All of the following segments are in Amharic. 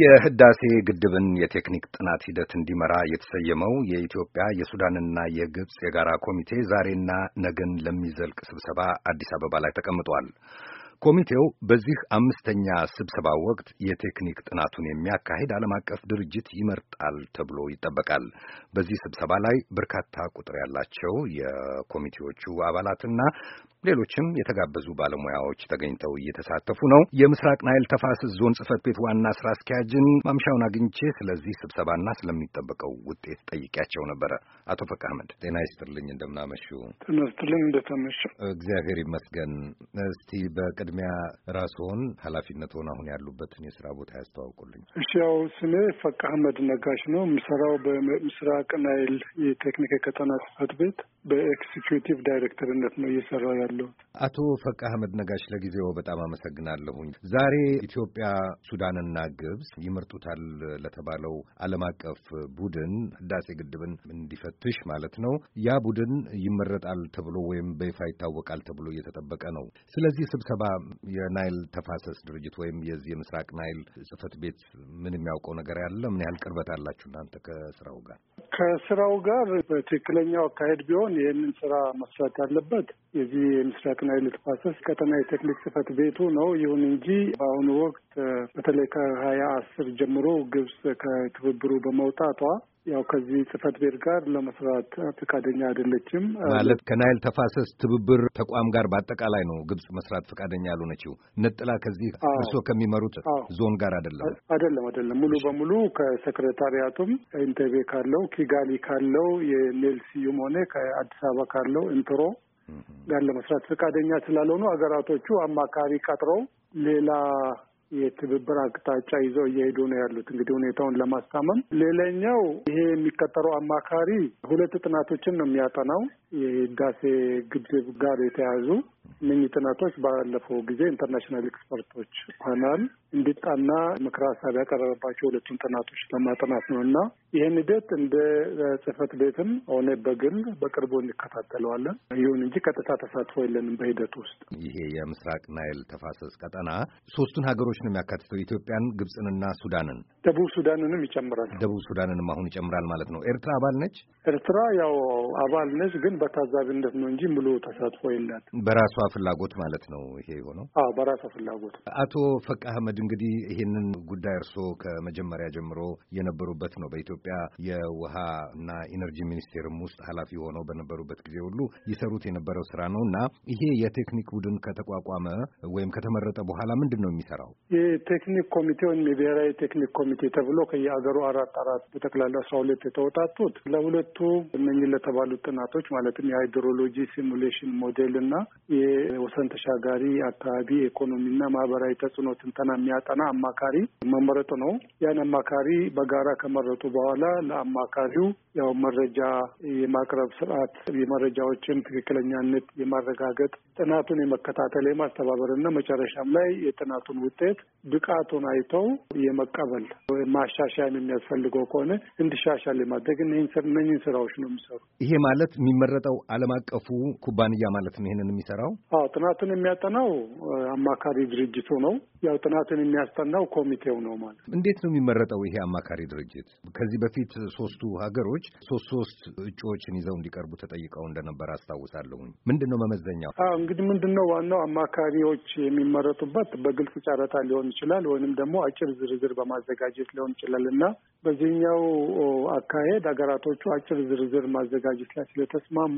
የህዳሴ ግድብን የቴክኒክ ጥናት ሂደት እንዲመራ የተሰየመው የኢትዮጵያ የሱዳንና የግብፅ የጋራ ኮሚቴ ዛሬና ነገን ለሚዘልቅ ስብሰባ አዲስ አበባ ላይ ተቀምጧል። ኮሚቴው በዚህ አምስተኛ ስብሰባ ወቅት የቴክኒክ ጥናቱን የሚያካሂድ ዓለም አቀፍ ድርጅት ይመርጣል ተብሎ ይጠበቃል። በዚህ ስብሰባ ላይ በርካታ ቁጥር ያላቸው የኮሚቴዎቹ አባላትና ሌሎችም የተጋበዙ ባለሙያዎች ተገኝተው እየተሳተፉ ነው። የምስራቅ ናይል ተፋሰስ ዞን ጽህፈት ቤት ዋና ስራ አስኪያጅን ማምሻውን አግኝቼ ስለዚህ ስብሰባና ስለሚጠበቀው ውጤት ጠይቄያቸው ነበረ። አቶ ፈቃ አህመድ ጤና ይስጥልኝ፣ እንደምናመሹ። ጤና ይስጥልኝ፣ እንደተመሸ እግዚአብሔር ይመስገን። እስቲ በቅድ በቅድሚያ ራስዎን ኃላፊነትዎን አሁን ያሉበትን የስራ ቦታ ያስተዋውቁልኝ። እሺ፣ ያው ስሜ ፈቃ አህመድ ነጋሽ ነው። የምሰራው በምስራቅ ናይል የቴክኒክ የቀጠና ጽህፈት ቤት በኤክስኪዩቲቭ ዳይሬክተርነት ነው እየሰራ ያለው። አቶ ፈቃ አህመድ ነጋሽ ለጊዜው በጣም አመሰግናለሁኝ። ዛሬ ኢትዮጵያ፣ ሱዳንና ግብጽ ይመርጡታል ለተባለው ዓለም አቀፍ ቡድን ህዳሴ ግድብን እንዲፈትሽ ማለት ነው። ያ ቡድን ይመረጣል ተብሎ ወይም በይፋ ይታወቃል ተብሎ እየተጠበቀ ነው። ስለዚህ ስብሰባ የናይል ተፋሰስ ድርጅት ወይም የዚህ የምስራቅ ናይል ጽህፈት ቤት ምን የሚያውቀው ነገር ያለ? ምን ያህል ቅርበት አላችሁ እናንተ ከስራው ጋር? ከስራው ጋር በትክክለኛው አካሄድ ቢሆን አሁን ይህንን ስራ መስራት ያለበት የዚህ የምስራቅ ናይል ተፋሰስ ቀጠና የቴክኒክ ጽህፈት ቤቱ ነው። ይሁን እንጂ በአሁኑ ወቅት በተለይ ከሀያ አስር ጀምሮ ግብጽ ከትብብሩ በመውጣቷ ያው ከዚህ ጽህፈት ቤት ጋር ለመስራት ፈቃደኛ አይደለችም። ማለት ከናይል ተፋሰስ ትብብር ተቋም ጋር በአጠቃላይ ነው ግብጽ መስራት ፈቃደኛ ያልሆነችው፣ ነጥላ ከዚህ እርስዎ ከሚመሩት ዞን ጋር አይደለም አይደለም አይደለም። ሙሉ በሙሉ ከሴክሬታሪያቱም ኢንቴቤ ካለው ኪጋሊ ካለው የኔልሲዩም ሆነ ከአዲስ አበባ ካለው እንትሮ ጋር ለመስራት ፈቃደኛ ስላልሆኑ ሀገራቶቹ አማካሪ ቀጥረው ሌላ የትብብር አቅጣጫ ይዘው እየሄዱ ነው ያሉት እንግዲህ ሁኔታውን ለማስታመም። ሌላኛው ይሄ የሚቀጠረው አማካሪ ሁለት ጥናቶችን ነው የሚያጠናው የህዳሴ ግድብ ጋር የተያዙ እነኚህ ጥናቶች ባለፈው ጊዜ ኢንተርናሽናል ኤክስፐርቶች ፓናል እንዲጣና ምክረ ሀሳብ ያቀረበባቸው ሁለቱን ጥናቶች ለማጥናት ነው እና ይህን ሂደት እንደ ጽህፈት ቤትም ሆነ በግል በቅርቡ እንከታተለዋለን። ይሁን እንጂ ቀጥታ ተሳትፎ የለንም በሂደት ውስጥ። ይሄ የምስራቅ ናይል ተፋሰስ ቀጠና ሶስቱን ሀገሮች ነው የሚያካትተው ኢትዮጵያን፣ ግብፅንና ሱዳንን፣ ደቡብ ሱዳንንም ይጨምራል። ደቡብ ሱዳንንም አሁን ይጨምራል ማለት ነው። ኤርትራ አባል ነች። ኤርትራ ያው አባል ነች፣ ግን በታዛቢነት ነው እንጂ ሙሉ ተሳትፎ የላት በራሷ ፍላጎት ማለት ነው ይሄ የሆነው? አዎ በራሷ ፍላጎት። አቶ ፈቃ አህመድ እንግዲህ ይሄንን ጉዳይ እርስዎ ከመጀመሪያ ጀምሮ የነበሩበት ነው። በኢትዮጵያ የውሃ እና ኢነርጂ ሚኒስቴርም ውስጥ ኃላፊ ሆነው በነበሩበት ጊዜ ሁሉ ይሰሩት የነበረው ስራ ነው እና ይሄ የቴክኒክ ቡድን ከተቋቋመ ወይም ከተመረጠ በኋላ ምንድን ነው የሚሰራው? የቴክኒክ ኮሚቴ ወይም የብሔራዊ ቴክኒክ ኮሚቴ ተብሎ ከየአገሩ አራት አራት በጠቅላላ አስራ ሁለት የተወጣጡት ለሁለቱ እነኝህ ለተባሉት ጥናቶች ማለትም የሃይድሮሎጂ ሲሙሌሽን ሞዴል እና የወሰን ተሻጋሪ አካባቢ ኢኮኖሚና ማህበራዊ ተጽዕኖ ትንተና የሚያጠና አማካሪ መመረጡ ነው። ያን አማካሪ በጋራ ከመረጡ በኋላ ለአማካሪው ያው መረጃ የማቅረብ ስርዓት፣ የመረጃዎችን ትክክለኛነት የማረጋገጥ ጥናቱን የመከታተል የማስተባበርና መጨረሻም ላይ የጥናቱን ውጤት ብቃቱን አይተው የመቀበል ማሻሻያን የሚያስፈልገው ከሆነ እንዲሻሻል የማድረግ እነኝን ስራዎች ነው የሚሰሩ። ይሄ ማለት የሚመረጠው ዓለም አቀፉ ኩባንያ ማለት ነው ይህንን የሚሰራው ነው? አዎ ጥናትን የሚያጠናው አማካሪ ድርጅቱ ነው። ያው ጥናትን የሚያስጠናው ኮሚቴው ነው ማለት። እንዴት ነው የሚመረጠው ይሄ አማካሪ ድርጅት? ከዚህ በፊት ሶስቱ ሀገሮች ሶስት ሶስት እጩዎችን ይዘው እንዲቀርቡ ተጠይቀው እንደነበር አስታውሳለሁኝ። ምንድን ነው መመዘኛው? አዎ እንግዲህ ምንድን ነው ዋናው አማካሪዎች የሚመረጡበት በግልጽ ጨረታ ሊሆን ይችላል ወይንም ደግሞ አጭር ዝርዝር በማዘጋጀት ሊሆን ይችላል እና በዚህኛው አካሄድ ሀገራቶቹ አጭር ዝርዝር ማዘጋጀት ላይ ስለተስማሙ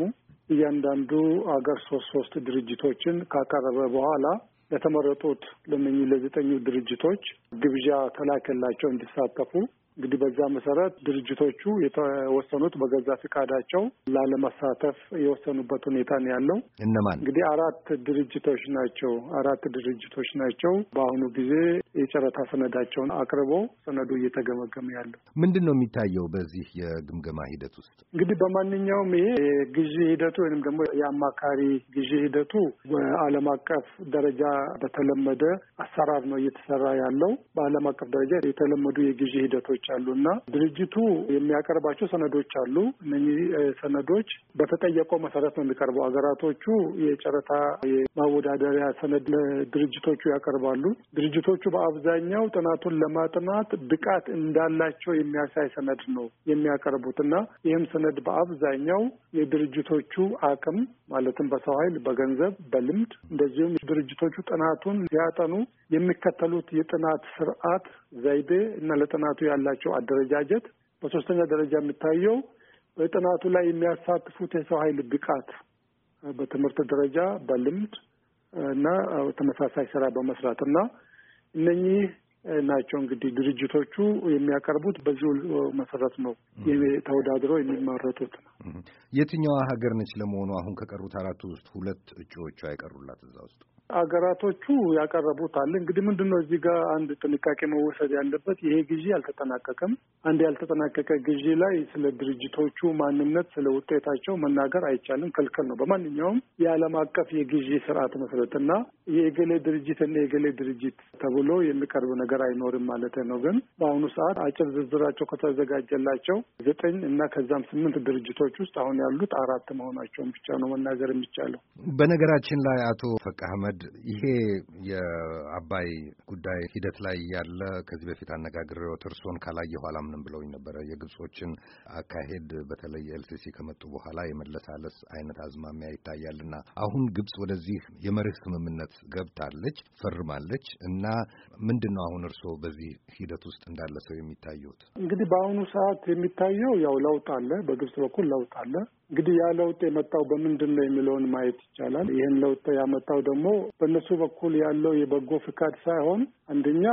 እያንዳንዱ አገር ሶስት ሶስት ድርጅቶችን ካቀረበ በኋላ ለተመረጡት ለነኚህ ለዘጠኙ ድርጅቶች ግብዣ ተላከላቸው እንዲሳተፉ እንግዲህ በዛ መሰረት ድርጅቶቹ የተወሰኑት በገዛ ፍቃዳቸው ላለመሳተፍ የወሰኑበት ሁኔታ ነው ያለው። እነማን እንግዲህ አራት ድርጅቶች ናቸው። አራት ድርጅቶች ናቸው በአሁኑ ጊዜ የጨረታ ሰነዳቸውን አቅርቦ ሰነዱ እየተገመገመ ያለው። ምንድን ነው የሚታየው በዚህ የግምገማ ሂደት ውስጥ እንግዲህ በማንኛውም ይሄ የግዢ ሂደቱ ወይም ደግሞ የአማካሪ ግዢ ሂደቱ በዓለም አቀፍ ደረጃ በተለመደ አሰራር ነው እየተሰራ ያለው። በዓለም አቀፍ ደረጃ የተለመዱ የግዢ ሂደቶች ሰነዶች አሉ እና ድርጅቱ የሚያቀርባቸው ሰነዶች አሉ። እነህ ሰነዶች በተጠየቀው መሰረት ነው የሚቀርበው። ሀገራቶቹ የጨረታ የማወዳደሪያ ሰነድ ለድርጅቶቹ ያቀርባሉ። ድርጅቶቹ በአብዛኛው ጥናቱን ለማጥናት ብቃት እንዳላቸው የሚያሳይ ሰነድ ነው የሚያቀርቡት እና ይህም ሰነድ በአብዛኛው የድርጅቶቹ አቅም ማለትም በሰው ኃይል፣ በገንዘብ፣ በልምድ እንደዚሁም ድርጅቶቹ ጥናቱን ሲያጠኑ የሚከተሉት የጥናት ስርዓት ዘይቤ እና ለጥናቱ ያላ ያላቸው አደረጃጀት፣ በሶስተኛ ደረጃ የሚታየው በጥናቱ ላይ የሚያሳትፉት የሰው ኃይል ብቃት በትምህርት ደረጃ በልምድ እና ተመሳሳይ ስራ በመስራት እና እነኚህ ናቸው እንግዲህ ድርጅቶቹ የሚያቀርቡት በዚሁ መሰረት ነው ተወዳድረው የሚመረጡት። የትኛዋ ሀገር ነች ለመሆኑ አሁን ከቀሩት አራቱ ውስጥ ሁለት እጩዎቿ የቀሩላት እዛ ውስጥ? አገራቶቹ ያቀረቡት አለ። እንግዲህ ምንድን ነው እዚህ ጋር አንድ ጥንቃቄ መወሰድ ያለበት ይሄ ግዢ አልተጠናቀቀም። አንድ ያልተጠናቀቀ ግዢ ላይ ስለ ድርጅቶቹ ማንነት፣ ስለ ውጤታቸው መናገር አይቻልም፣ ክልክል ነው። በማንኛውም የዓለም አቀፍ የግዢ ስርዓት መሰረት እና የእገሌ ድርጅት እና የእገሌ ድርጅት ተብሎ የሚቀርብ ነገር አይኖርም ማለት ነው። ግን በአሁኑ ሰዓት አጭር ዝርዝራቸው ከተዘጋጀላቸው ዘጠኝ እና ከዛም ስምንት ድርጅቶች ውስጥ አሁን ያሉት አራት መሆናቸውን ብቻ ነው መናገር የሚቻለው። በነገራችን ላይ አቶ ፈቃ አህመድ፣ ይሄ የአባይ ጉዳይ ሂደት ላይ ያለ ከዚህ በፊት አነጋግሬዎት እርሶን ካላየሁ አላምንም ብለውኝ ነበረ። የግብጾችን አካሄድ በተለይ ኤልሲሲ ከመጡ በኋላ የመለሳለስ አይነት አዝማሚያ ይታያልና አሁን ግብጽ ወደዚህ የመርህ ስምምነት ገብታለች፣ ፈርማለች እና ምንድን ነው አሁን እርሶ በዚህ ሂደት ውስጥ እንዳለ ሰው የሚታየውት? እንግዲህ በአሁኑ ሰዓት የሚታየው ያው ለውጥ አለ፣ በግብጽ በኩል ለውጥ አለ። እንግዲህ ያ ለውጥ የመጣው በምንድን ነው የሚለውን ማየት ይቻላል። ይህን ለውጥ ያመጣው ደግሞ በእነሱ በኩል ያለው የበጎ ፍቃድ ሳይሆን አንደኛ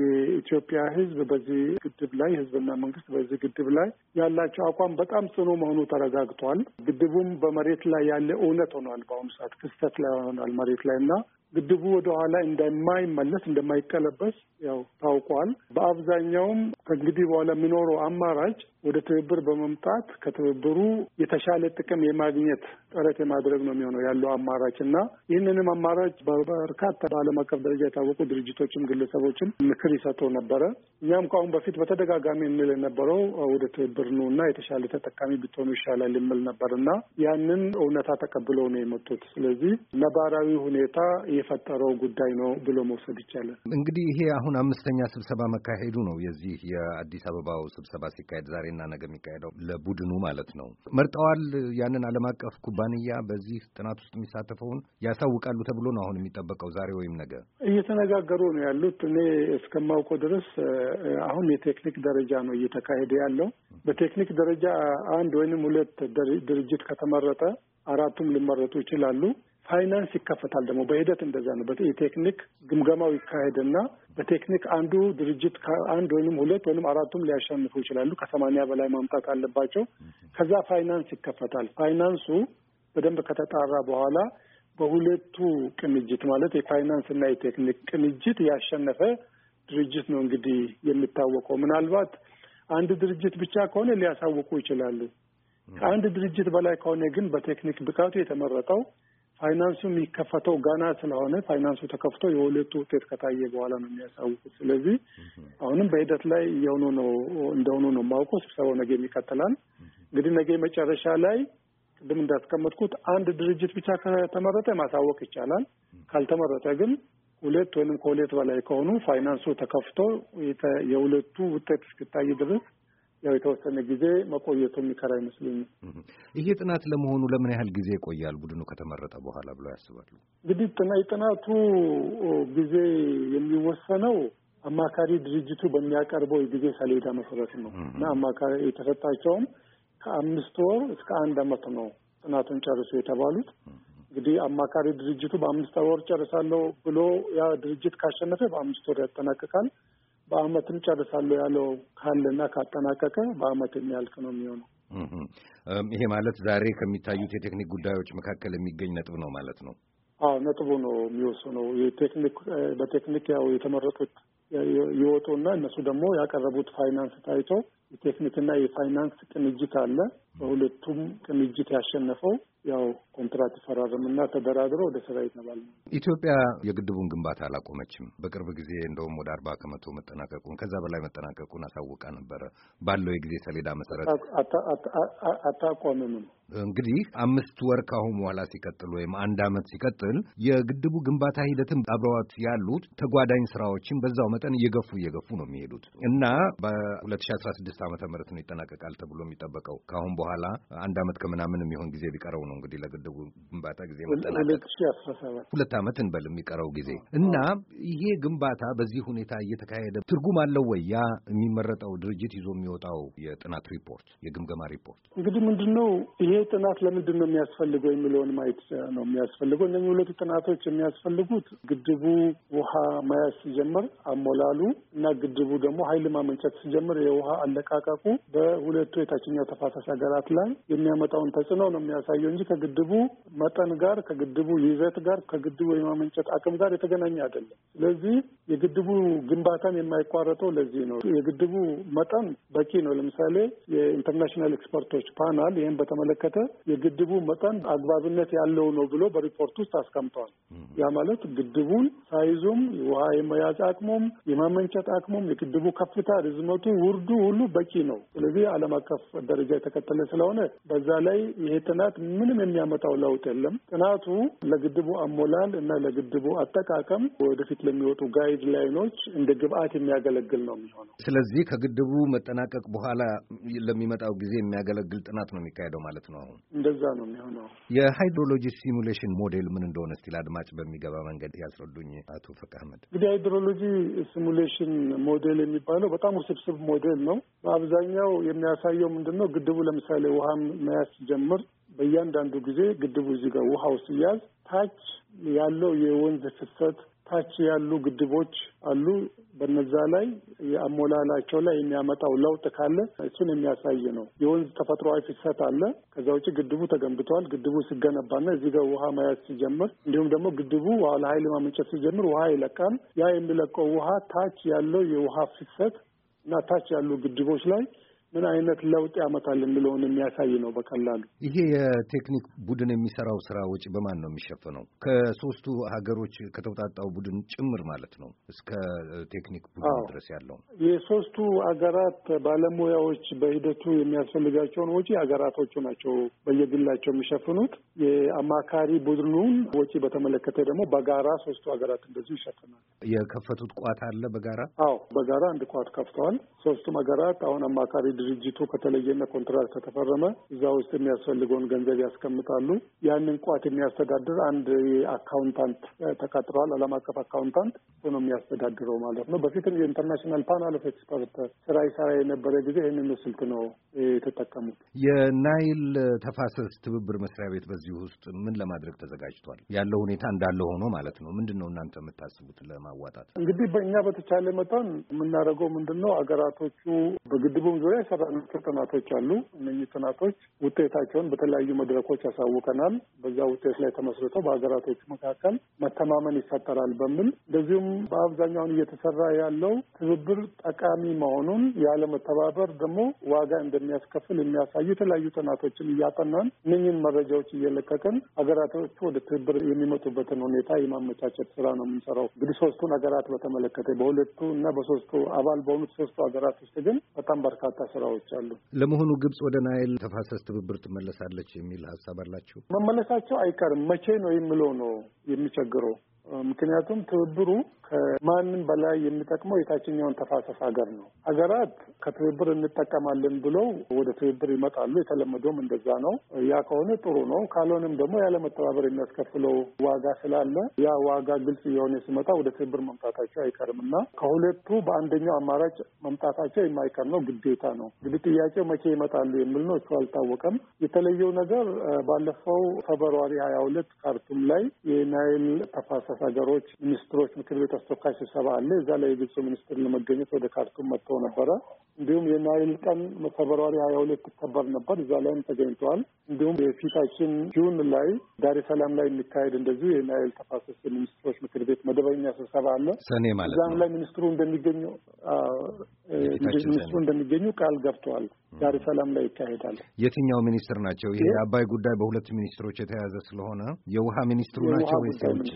የኢትዮጵያ ሕዝብ በዚህ ግድብ ላይ ሕዝብና መንግስት በዚህ ግድብ ላይ ያላቸው አቋም በጣም ጽኑ መሆኑ ተረጋግቷል። ግድቡም በመሬት ላይ ያለ እውነት ሆኗል። በአሁኑ ሰዓት ክስተት ላይ ሆኗል መሬት ላይ እና ግድቡ ወደኋላ እንደማይመለስ እንደማይቀለበስ ያው ታውቋል። በአብዛኛውም ከእንግዲህ በኋላ የሚኖረው አማራጭ ወደ ትብብር በመምጣት ከትብብሩ የተሻለ ጥቅም የማግኘት ጥረት የማድረግ ነው የሚሆነው ያለው አማራጭ እና ይህንንም አማራጭ በበርካታ በዓለም አቀፍ ደረጃ የታወቁ ድርጅቶችም ግለሰቦችም ምክር ይሰጡ ነበረ። እኛም ከአሁን በፊት በተደጋጋሚ የሚል የነበረው ወደ ትብብር ነው እና የተሻለ ተጠቃሚ ብትሆኑ ይሻላል የምል ነበር እና ያንን እውነታ ተቀብለው ነው የመጡት። ስለዚህ ነባራዊ ሁኔታ የፈጠረው ጉዳይ ነው ብሎ መውሰድ ይቻላል። እንግዲህ ይሄ አሁን አምስተኛ ስብሰባ መካሄዱ ነው። የዚህ የአዲስ አበባው ስብሰባ ሲካሄድ ዛሬና ነገ የሚካሄደው ለቡድኑ ማለት ነው። መርጠዋል ያንን ዓለም አቀፍ ኩባንያ በዚህ ጥናት ውስጥ የሚሳተፈውን ያሳውቃሉ ተብሎ ነው አሁን የሚጠበቀው። ዛሬ ወይም ነገ እየተነጋገሩ ነው ያሉት። እኔ እስከማውቀው ድረስ አሁን የቴክኒክ ደረጃ ነው እየተካሄደ ያለው። በቴክኒክ ደረጃ አንድ ወይንም ሁለት ድርጅት ከተመረጠ አራቱም ሊመረጡ ይችላሉ። ፋይናንስ ይከፈታል። ደግሞ በሂደት እንደዛ ነው። የቴክኒክ ግምገማው ይካሄድና በቴክኒክ አንዱ ድርጅት አንድ ወይም ሁለት ወይም አራቱም ሊያሸንፉ ይችላሉ። ከሰማንያ በላይ ማምጣት አለባቸው። ከዛ ፋይናንስ ይከፈታል። ፋይናንሱ በደንብ ከተጣራ በኋላ በሁለቱ ቅንጅት ማለት የፋይናንስ እና የቴክኒክ ቅንጅት ያሸነፈ ድርጅት ነው እንግዲህ የሚታወቀው። ምናልባት አንድ ድርጅት ብቻ ከሆነ ሊያሳውቁ ይችላሉ። ከአንድ ድርጅት በላይ ከሆነ ግን በቴክኒክ ብቃቱ የተመረጠው ፋይናንሱ የሚከፈተው ገና ስለሆነ ፋይናንሱ ተከፍቶ የሁለቱ ውጤት ከታየ በኋላ ነው የሚያሳውቁት። ስለዚህ አሁንም በሂደት ላይ እየሆኑ ነው እንደሆኑ ነው የማውቀው። ስብሰባው ነገ ይቀጥላል። እንግዲህ ነገ መጨረሻ ላይ ቅድም እንዳስቀመጥኩት አንድ ድርጅት ብቻ ከተመረጠ ማሳወቅ ይቻላል። ካልተመረጠ ግን ሁለት ወይም ከሁለት በላይ ከሆኑ ፋይናንሱ ተከፍቶ የሁለቱ ውጤት እስክታይ ድረስ ያው የተወሰነ ጊዜ መቆየቱ የሚከራ አይመስለኝም። ይሄ ጥናት ለመሆኑ ለምን ያህል ጊዜ ይቆያል ቡድኑ ከተመረጠ በኋላ ብለው ያስባሉ? እንግዲህ የጥናቱ ጊዜ የሚወሰነው አማካሪ ድርጅቱ በሚያቀርበው የጊዜ ሰሌዳ መሰረት ነው እና አማካሪ የተሰጣቸውም ከአምስት ወር እስከ አንድ አመት ነው ጥናቱን ጨርሱ የተባሉት። እንግዲህ አማካሪ ድርጅቱ በአምስት ወር ጨርሳለሁ ብሎ ያ ድርጅት ካሸነፈ በአምስት ወር ያጠናቅቃል። በአመትም ጨርሳለሁ ያለው ካለና ካጠናቀቀ በአመት የሚያልቅ ነው የሚሆነው። ይሄ ማለት ዛሬ ከሚታዩት የቴክኒክ ጉዳዮች መካከል የሚገኝ ነጥብ ነው ማለት ነው። አዎ ነጥቡ ነው የሚወስነው። የቴክኒክ በቴክኒክ ያው የተመረጡት ይወጡና እነሱ ደግሞ ያቀረቡት ፋይናንስ ታይቶ የቴክኒክና የፋይናንስ ቅንጅት አለ። በሁለቱም ቅንጅት ያሸነፈው ያው ኮንትራት ይፈራረምና ተደራድሮ ወደ ስራ ይገባል። ኢትዮጵያ የግድቡን ግንባታ አላቆመችም። በቅርብ ጊዜ እንደውም ወደ አርባ ከመቶ መጠናቀቁን ከዛ በላይ መጠናቀቁን አሳውቃ ነበረ። ባለው የጊዜ ሰሌዳ መሰረት አታቆምም። እንግዲህ አምስት ወር ካሁን በኋላ ሲቀጥል ወይም አንድ ዓመት ሲቀጥል የግድቡ ግንባታ ሂደትም አብረዋት ያሉት ተጓዳኝ ስራዎችን በዛው መጠን እየገፉ እየገፉ ነው የሚሄዱት እና አስራ ስድስት 2006 ዓመተ ምህረት ነው ይጠናቀቃል ተብሎ የሚጠበቀው። ከአሁን በኋላ አንድ አመት ከምናምን የሚሆን ጊዜ ቢቀረው ነው እንግዲህ ለግድቡ ግንባታ ጊዜ መጠናቀቅ ሁለት ዓመት እንበል የሚቀረው ጊዜ እና ይሄ ግንባታ በዚህ ሁኔታ እየተካሄደ ትርጉም አለው ወይ? ያ የሚመረጠው ድርጅት ይዞ የሚወጣው የጥናት ሪፖርት የግምገማ ሪፖርት እንግዲህ ምንድን ነው ይሄ ጥናት ለምንድን ነው የሚያስፈልገው የሚለውን ማየት ነው የሚያስፈልገው። እነዚህ ሁለቱ ጥናቶች የሚያስፈልጉት ግድቡ ውሃ መያዝ ሲጀምር አሞላሉ እና ግድቡ ደግሞ ኃይል ማመንጨት ሲጀምር የውሃ አለቃ መለቃቀቁ በሁለቱ የታችኛው ተፋሰስ ሀገራት ላይ የሚያመጣውን ተጽዕኖ ነው የሚያሳየው እንጂ ከግድቡ መጠን ጋር ከግድቡ ይዘት ጋር ከግድቡ የማመንጨት አቅም ጋር የተገናኘ አይደለም። ስለዚህ የግድቡ ግንባታን የማይቋረጠው ለዚህ ነው። የግድቡ መጠን በቂ ነው። ለምሳሌ የኢንተርናሽናል ኤክስፐርቶች ፓናል ይህን በተመለከተ የግድቡ መጠን አግባብነት ያለው ነው ብሎ በሪፖርት ውስጥ አስቀምጠዋል። ያ ማለት ግድቡን ሳይዙም ውሃ የመያዝ አቅሙም የማመንጨት አቅሙም የግድቡ ከፍታ ርዝመቱ፣ ውርዱ ሁሉ በቂ ነው። ስለዚህ ዓለም አቀፍ ደረጃ የተከተለ ስለሆነ በዛ ላይ ይሄ ጥናት ምንም የሚያመጣው ለውጥ የለም። ጥናቱ ለግድቡ አሞላል እና ለግድቡ አጠቃቀም ወደፊት ለሚወጡ ጋይድ ላይኖች እንደ ግብአት የሚያገለግል ነው የሚሆነው። ስለዚህ ከግድቡ መጠናቀቅ በኋላ ለሚመጣው ጊዜ የሚያገለግል ጥናት ነው የሚካሄደው ማለት ነው። አሁን እንደዛ ነው የሚሆነው። የሃይድሮሎጂ ሲሙሌሽን ሞዴል ምን እንደሆነ ስቲል አድማጭ በሚገባ መንገድ ያስረዱኝ አቶ ፈቅ አህመድ። እንግዲህ ሃይድሮሎጂ ሲሙሌሽን ሞዴል የሚባለው በጣም ውስብስብ ሞዴል ነው። በአብዛኛው የሚያሳየው ምንድን ነው? ግድቡ ለምሳሌ ውሃም መያዝ ሲጀምር በእያንዳንዱ ጊዜ ግድቡ እዚህ ጋር ውሃው ሲያዝ ታች ያለው የወንዝ ፍሰት ታች ያሉ ግድቦች አሉ። በነዛ ላይ የአሞላላቸው ላይ የሚያመጣው ለውጥ ካለ እሱን የሚያሳይ ነው። የወንዝ ተፈጥሯዊ ፍሰት አለ። ከዛ ውጭ ግድቡ ተገንብቷል። ግድቡ ሲገነባና እዚህ ጋር ውሃ መያዝ ሲጀምር፣ እንዲሁም ደግሞ ግድቡ ለኃይል ማመንጨት ሲጀምር ውሃ ይለቃል። ያ የሚለቀው ውሃ ታች ያለው የውሃ ፍሰት እና ታች ያሉ ግድቦች ላይ ምን አይነት ለውጥ ያመጣል የሚለውን የሚያሳይ ነው። በቀላሉ ይሄ የቴክኒክ ቡድን የሚሰራው ስራ ወጪ በማን ነው የሚሸፈነው? ከሶስቱ ሀገሮች ከተውጣጣው ቡድን ጭምር ማለት ነው እስከ ቴክኒክ ቡድን ድረስ ያለው የሶስቱ ሀገራት ባለሙያዎች በሂደቱ የሚያስፈልጋቸውን ወጪ ሀገራቶቹ ናቸው በየግላቸው የሚሸፍኑት። የአማካሪ ቡድኑን ወጪ በተመለከተ ደግሞ በጋራ ሶስቱ ሀገራት እንደዚሁ ይሸፍናል። የከፈቱት ቋት አለ በጋራ አዎ፣ በጋራ አንድ ቋት ከፍተዋል ሶስቱም ሀገራት አሁን አማካሪ ድርጅቱ ከተለየና ኮንትራት ከተፈረመ እዛ ውስጥ የሚያስፈልገውን ገንዘብ ያስቀምጣሉ። ያንን ቋት የሚያስተዳድር አንድ አካውንታንት ተቀጥሯል። ዓለም አቀፍ አካውንታንት ሆኖ የሚያስተዳድረው ማለት ነው። በፊትም የኢንተርናሽናል ፓናል ኦፍ ኤክስፐርት ስራ ይሰራ የነበረ ጊዜ ይህንን ስልት ነው የተጠቀሙት። የናይል ተፋሰስ ትብብር መስሪያ ቤት በዚህ ውስጥ ምን ለማድረግ ተዘጋጅቷል? ያለው ሁኔታ እንዳለ ሆኖ ማለት ነው። ምንድን ነው እናንተ የምታስቡት ለማዋጣት? እንግዲህ በእኛ በተቻለ መጠን የምናደርገው ምንድን ነው አገራቶቹ በግድቡም ዙሪያ የሰራናቸው ጥናቶች አሉ። እነዚህ ጥናቶች ውጤታቸውን በተለያዩ መድረኮች ያሳውቀናል። በዛ ውጤት ላይ ተመስርተው በሀገራቶች መካከል መተማመን ይፈጠራል በሚል እንደዚሁም በአብዛኛውን እየተሰራ ያለው ትብብር ጠቃሚ መሆኑን ያለመተባበር ደግሞ ዋጋ እንደሚያስከፍል የሚያሳዩ የተለያዩ ጥናቶችን እያጠናን እነኝን መረጃዎች እየለቀቅን ሀገራቶቹ ወደ ትብብር የሚመጡበትን ሁኔታ የማመቻቸት ስራ ነው የምንሰራው። እንግዲህ ሶስቱን ሀገራት በተመለከተ በሁለቱ እና በሶስቱ አባል በሆኑት ሶስቱ ሀገራት ውስጥ ግን በጣም በርካታ ስራዎች አሉ። ለመሆኑ ግብጽ ወደ ናይል ተፋሰስ ትብብር ትመለሳለች የሚል ሀሳብ አላቸው? መመለሳቸው አይቀርም። መቼ ነው የሚለው ነው የሚቸግረው። ምክንያቱም ትብብሩ ከማንም በላይ የሚጠቅመው የታችኛውን ተፋሰስ ሀገር ነው። ሀገራት ከትብብር እንጠቀማለን ብለው ወደ ትብብር ይመጣሉ። የተለመደውም እንደዛ ነው። ያ ከሆነ ጥሩ ነው። ካልሆነም ደግሞ ያለመተባበር የሚያስከፍለው ዋጋ ስላለ ያ ዋጋ ግልጽ የሆነ ሲመጣ ወደ ትብብር መምጣታቸው አይቀርም እና ከሁለቱ በአንደኛው አማራጭ መምጣታቸው የማይቀር ነው፣ ግዴታ ነው። እንግዲህ ጥያቄው መቼ ይመጣሉ የሚል ነው። እሱ አልታወቀም። የተለየው ነገር ባለፈው ፌብርዋሪ ሀያ ሁለት ካርቱም ላይ የናይል ተፋሰስ ሀገሮች ሚኒስትሮች ምክር ቤት አስቸኳይ ስብሰባ አለ። እዛ ላይ የግብጽ ሚኒስትር ለመገኘት ወደ ካርቱም መጥተው ነበረ። እንዲሁም የናይል ቀን ፌብርዋሪ ሀያ ሁለት ይከበር ነበር። እዛ ላይም ተገኝተዋል። እንዲሁም የፊታችን ጁን ላይ ዳሬ ሰላም ላይ የሚካሄድ እንደዚሁ የናይል ተፋሰስ የሚኒስትሮች ምክር ቤት መደበኛ ስብሰባ አለ። ሰኔ ማለት እዛም ላይ ሚኒስትሩ እንደሚገኙ ሚኒስትሩ እንደሚገኙ ቃል ገብተዋል። ዳሬ ሰላም ላይ ይካሄዳል። የትኛው ሚኒስትር ናቸው? ይሄ የአባይ ጉዳይ በሁለት ሚኒስትሮች የተያዘ ስለሆነ የውሃ ሚኒስትሩ ናቸው ወይስ የውጭ?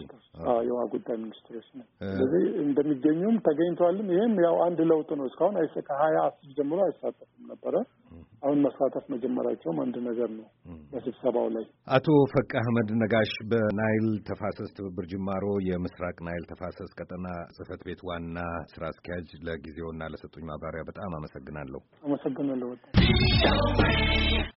የውሃ ጉዳይ ሚኒስትሮች ነው። ስለዚህ እንደሚገኙም ተገኝተዋልም። ይህም ያው አንድ ለውጥ ነው። እስካሁን ከሀያ አስር ጀምሮ አይሳተፍም ነበረ። አሁን መሳተፍ መጀመራቸውም አንድ ነገር ነው። በስብሰባው ላይ አቶ ፈቃ አህመድ ነጋሽ በናይል ተፋሰስ ትብብር ጅማሮ የምስራቅ ናይል ተፋሰስ ቀጠና ጽህፈት ቤት ዋና ስራ አስኪያጅ፣ ለጊዜውና ለሰጡኝ ማብራሪያ በጣም አመሰግናለሁ። አመሰግናለሁ።